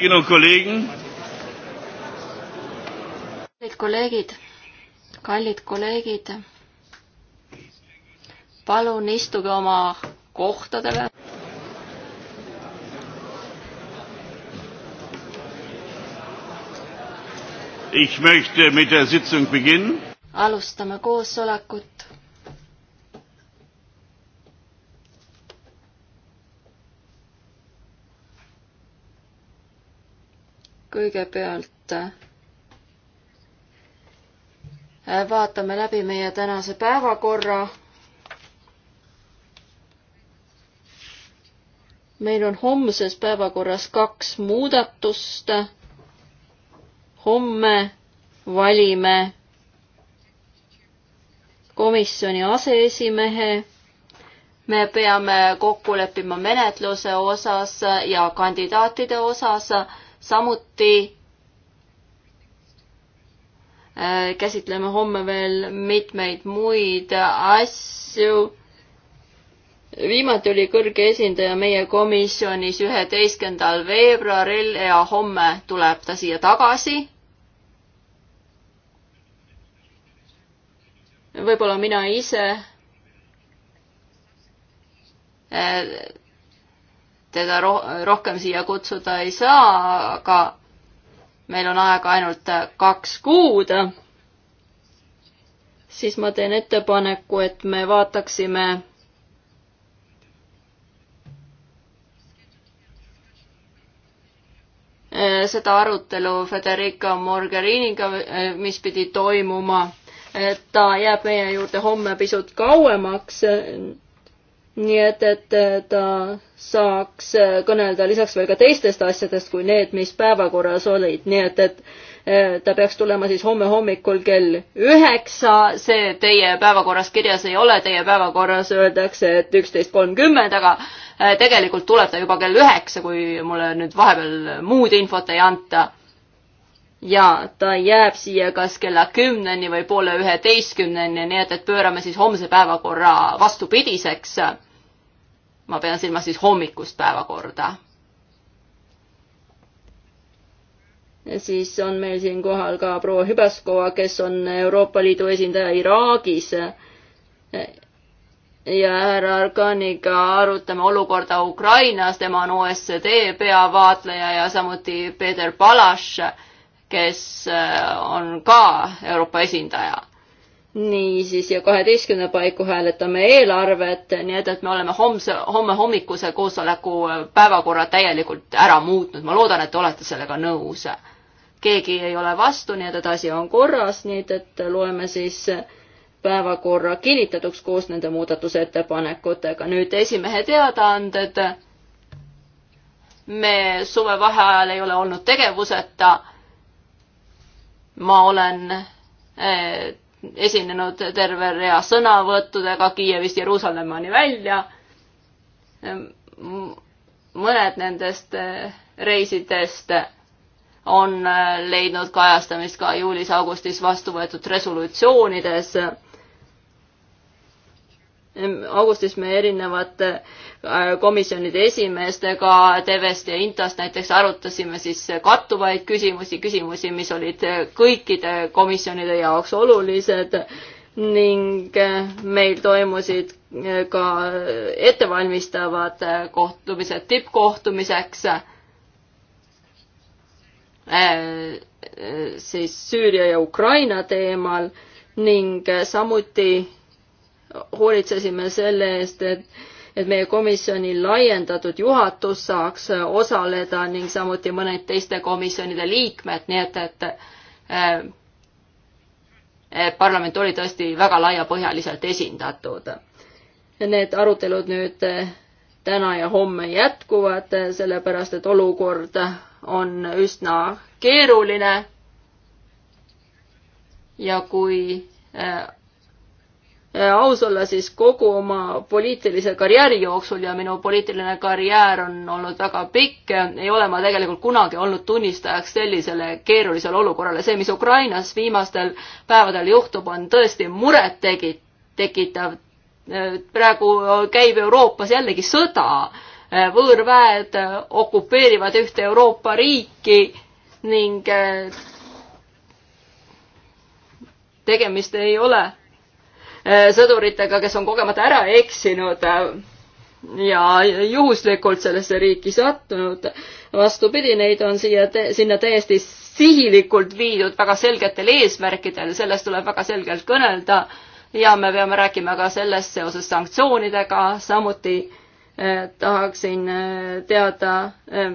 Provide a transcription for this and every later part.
Kolleginnen und Kollegen. kallid kolleegid, kallid kolleegid, palun istuge oma kohtadele. Ich möchte mit der Sitzung beginnen. alustame koosolekut. kõigepealt äh, vaatame läbi meie tänase päevakorra. meil on homses päevakorras kaks muudatust. homme valime komisjoni aseesimehe. me peame kokku leppima menetluse osas ja kandidaatide osas samuti äh, käsitleme homme veel mitmeid muid asju. viimati oli kõrge esindaja meie komisjonis üheteistkümnendal veebruaril ja homme tuleb ta siia tagasi. võib-olla mina ise äh, teda roh rohkem siia kutsuda ei saa, aga meil on aega ainult kaks kuud. siis ma teen ettepaneku, et me vaataksime seda arutelu Federica Morgheriniga, mis pidi toimuma. ta jääb meie juurde homme pisut kauemaks nii et, et ta saaks kõnelda lisaks veel ka teistest asjadest kui need, mis päevakorras olid, nii et, et eh, ta peaks tulema siis homme hommikul kell üheksa, see teie päevakorras kirjas ei ole, teie päevakorras öeldakse, et üksteist kolmkümmend, aga eh, tegelikult tuleb ta juba kell üheksa, kui mulle nüüd vahepeal muud infot ei anta ja ta jääb siia kas kella kümneni või poole üheteistkümneni, nii et, et pöörame siis homse päevakorra vastupidiseks. ma pean silmas siis hommikust päevakorda. siis on meil siin kohal ka proua Hübaskova, kes on Euroopa Liidu esindaja Iraagis. ja härra Arganiga arutame olukorda Ukrainas, tema on OSCD peavaatleja ja samuti Peeter Palaš kes äh, on ka Euroopa esindaja. niisiis ja kaheteistkümne paiku hääletame eelarvet, nii et, et me oleme homse, homme hommikuse koosoleku äh, päevakorra täielikult ära muutnud. ma loodan, et te olete sellega nõus. keegi ei ole vastu, nii et, et asi on korras, nii et, et loeme siis päevakorra kinnitatuks koos nende muudatusettepanekutega. nüüd esimehe teadaanded. me suvevaheajal ei ole olnud tegevuseta ma olen eh, esinenud terve rea sõnavõttudega Kiievist Jeruusalemmani välja. Eh, mõned nendest eh, reisidest on leidnud kajastamist ka juulis-augustis vastu võetud resolutsioonides augustis me erinevate äh, komisjonide esimeestega TV-st ja Intast näiteks arutasime siis kattuvaid küsimusi, küsimusi, mis olid kõikide komisjonide jaoks olulised ning äh, meil toimusid äh, ka ettevalmistavad kohtumised tippkohtumiseks siis Süüria ja Ukraina teemal ning samuti hoolitsesime selle eest, et et meie komisjoni laiendatud juhatus saaks osaleda ning samuti mõned teiste komisjonide liikmed, nii et, et eh, eh parlament oli tõesti väga laiapõhjaliselt esindatud. Need arutelud nüüd eh, täna ja homme jätkuvad, eh, sellepärast et olukord on üsna keeruline. ja kui Äh, aus olla, siis kogu oma poliitilise karjääri jooksul ja minu poliitiline karjäär on olnud väga pikk, ei ole ma tegelikult kunagi olnud tunnistajaks sellisele keerulisele olukorrale. see, mis Ukrainas viimastel päevadel juhtub, on tõesti muret tegi-, tekitav. Äh, praegu käib Euroopas jällegi sõda, äh, võõrväed okupeerivad ühte Euroopa riiki ning tegemist ei ole Äh, sõduritega, kes on kogemata ära eksinud äh, ja juhuslikult sellesse riiki sattunud. vastupidi, neid on siia, sinna täiesti sihilikult viidud väga selgetel eesmärkidel, sellest tuleb väga selgelt kõnelda ja me peame rääkima ka sellest seoses sanktsioonidega, samuti äh, tahaksin teada,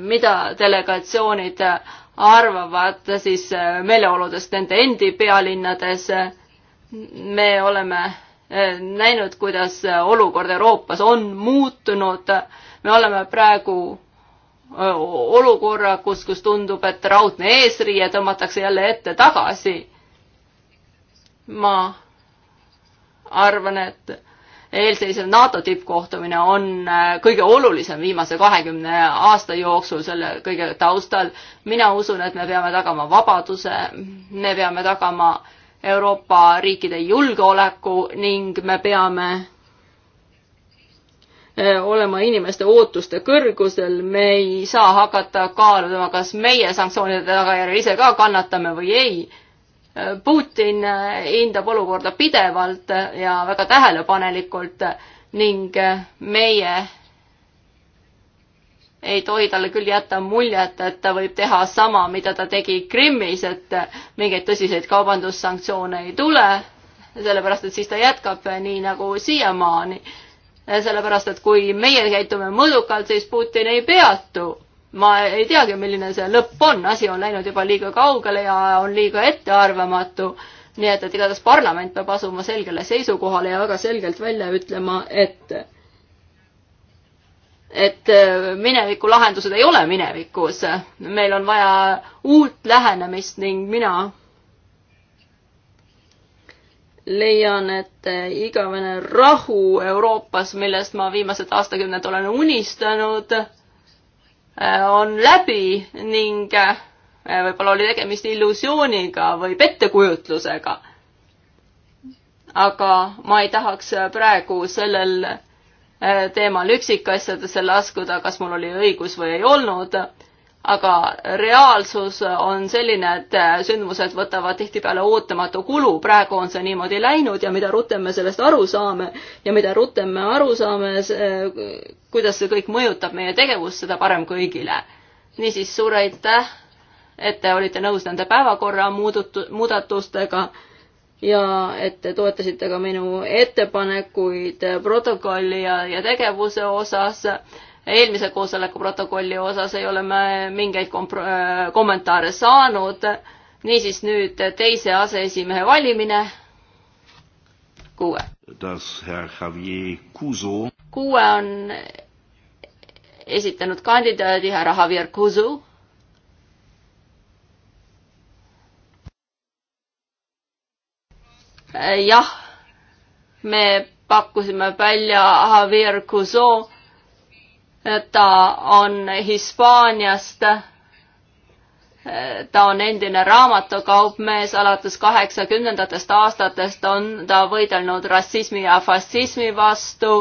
mida delegatsioonid arvavad siis meeleoludest nende endi pealinnades me oleme eh, näinud, kuidas eh, olukord Euroopas on muutunud. me oleme praegu eh, olukorra, kus, kus tundub, et raudne eesriie tõmmatakse jälle ette tagasi. ma arvan, et eelseisev NATO tippkohtumine on kõige olulisem viimase kahekümne aasta jooksul selle kõige taustal. mina usun, et me peame tagama vabaduse, me peame tagama äh, Euroopa riikide julgeoleku ning me peame eh, olema inimeste ootuste kõrgusel, me ei saa hakata kaaluma, kas meie sanktsioonide tagajärjel ise ka kannatame või ei. Eh, Putin eh, hindab olukorda pidevalt ja väga tähelepanelikult ning meie ei tohi talle küll jätta muljet, et ta võib teha sama, mida ta tegi Krimmis, et mingeid tõsiseid kaubandussanktsioone ei tule, sellepärast et siis ta jätkab nii nagu siiamaani. sellepärast, et kui meie käitume mõõdukalt, siis Putin ei peatu. ma ei teagi, milline see lõpp on, asi on läinud juba liiga kaugele ja on liiga ettearvamatu. nii et, et igatahes parlament peab asuma selgele seisukohale ja väga selgelt välja ütlema, et et äh, mineviku lahendused ei ole minevikus. meil on vaja uut lähenemist ning mina leian, et äh, igavene rahu Euroopas, millest ma viimased aastakümned olen unistanud, äh, on läbi ning võib-olla oli tegemist illusiooniga või pettekujutlusega. aga ma ei tahaks praegu sellel Äh, teemal üksikasjadesse laskuda, kas mul oli õigus või ei olnud. aga reaalsus on selline, et äh, sündmused võtavad tihtipeale ootamatu kulu, praegu on see niimoodi läinud ja mida rutem me sellest aru saame ja mida rutem me aru saame, äh, kuidas see kõik mõjutab meie tegevust, seda parem kõigile. niisiis, suur aitäh, et te olite nõus nende päevakorra muudutu-, muudatustega ja et te toetasite ka minu ettepanekuid protokolli ja, ja tegevuse osas. eelmise koosoleku protokolli osas ei ole me mingeid äh, kommentaare saanud. niisiis nüüd teise aseesimehe valimine. kuue. kuue on esitanud kandidaadi härra Javier Kuzu Äh, jah, me pakkusime välja Javier Cuso, äh, ta on Hispaaniast, äh, ta on endine raamatukaupmees, alates kaheksakümnendatest aastatest on ta võidelnud rassismi ja fašismi vastu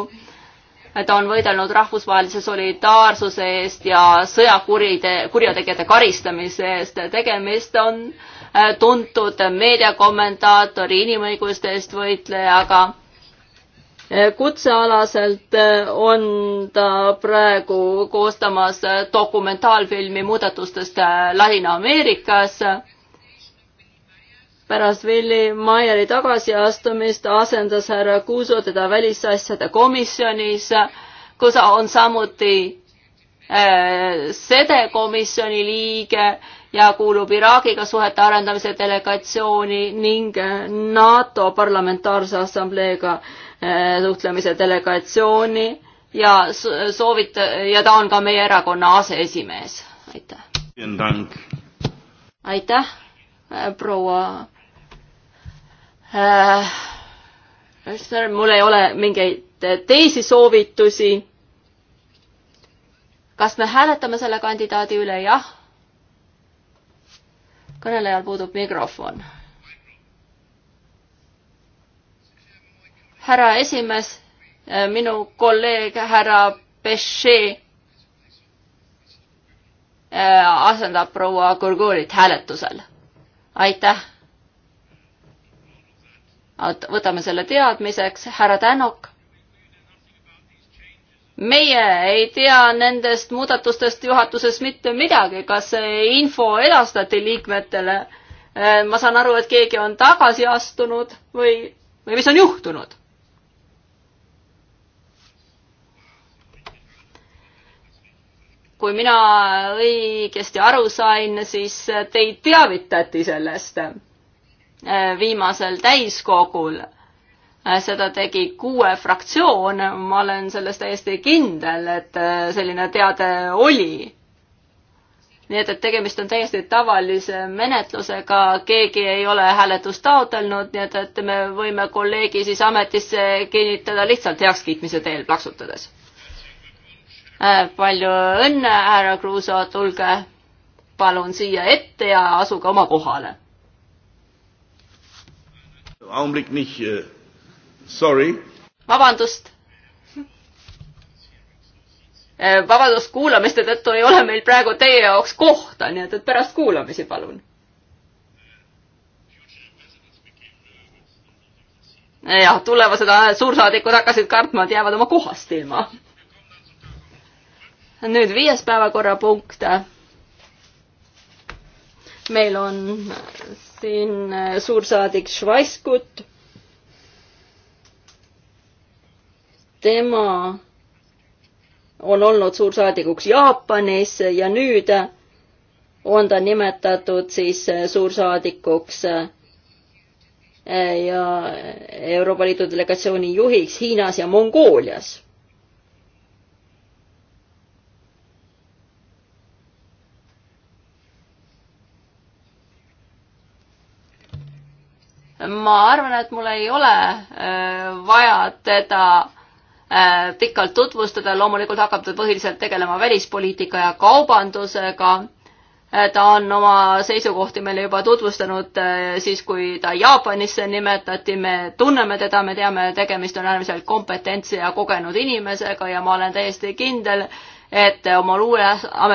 ta on võidelnud rahvusvahelise solidaarsuse eest ja sõjakuride, kurjategijate karistamise eest. tegemist on Äh, tuntud meediakommentaatori, inimõiguste eest võitlejaga. Äh, kutsealaselt äh, on ta praegu koostamas dokumentaalfilmi muudatustest Ladina-Ameerikas. pärast Willie Meyeri tagasiastumist asendas härra Kuuso teda välisasjade komisjonis, kus on samuti sede komisjoni liige ja kuulub Iraagiga suhete arendamise delegatsiooni ning eh, NATO Parlamentaarse Assambleega eh, suhtlemise delegatsiooni ja soovit- ja ta on ka meie erakonna aseesimees. aitäh. aitäh, eh, proua äh,. mul ei ole mingeid teisi soovitusi. kas me hääletame selle kandidaadi üle, jah? kõnelejal puudub mikrofon. härra esimees, minu kolleeg härra Bechet äh, asendab proua Gurgulit hääletusel. aitäh. võtame selle teadmiseks, härra Tänok meie ei tea nendest muudatustest juhatuses mitte midagi, kas see info edastati liikmetele. Äh, ma saan aru, et keegi on tagasi astunud või, või mis on juhtunud? kui mina õigesti aru sain, siis teid teavitati sellest äh, viimasel täiskogul Äh, seda tegi kuue fraktsioon, ma olen selles täiesti kindel, et äh, selline teade oli. nii et, et tegemist on täiesti tavalise menetlusega, keegi ei ole hääletust taotlenud, nii et, et me võime kolleegi siis ametisse kinnitada lihtsalt heakskiitmise teel plaksutades. Äh, palju õnne, härra Kruuso, tulge palun siia ette ja asuge oma kohale. Augenblick nicht äh, Sorry. vabandust. Äh, vabandust, kuulamiste tõttu ei ole meil praegu teie jaoks kohta, nii et, et pärast kuulamisi palun. jah, tulevased äh, suursaadikud hakkasid kartma, et jäävad oma kohast ilma. nüüd viies päevakorrapunkt meil on siin äh, suursaadik Švaiskut tema on olnud suursaadikuks Jaapanis ja nüüd on ta nimetatud siis suursaadikuks eh, ja Euroopa Liidu delegatsiooni juhiks Hiinas ja Mongoolias. ma arvan, et mul ei ole eh, vaja teda Äh, pikalt tutvustada, loomulikult hakkab ta põhiliselt tegelema välispoliitika ja kaubandusega. Äh, ta on oma seisukohti meile juba tutvustanud äh, siis, kui ta Jaapanisse nimetati, me tunneme teda, me teame, tegemist on äärmiselt kompetentse ja kogenud inimesega ja ma olen täiesti kindel, et oma luureamet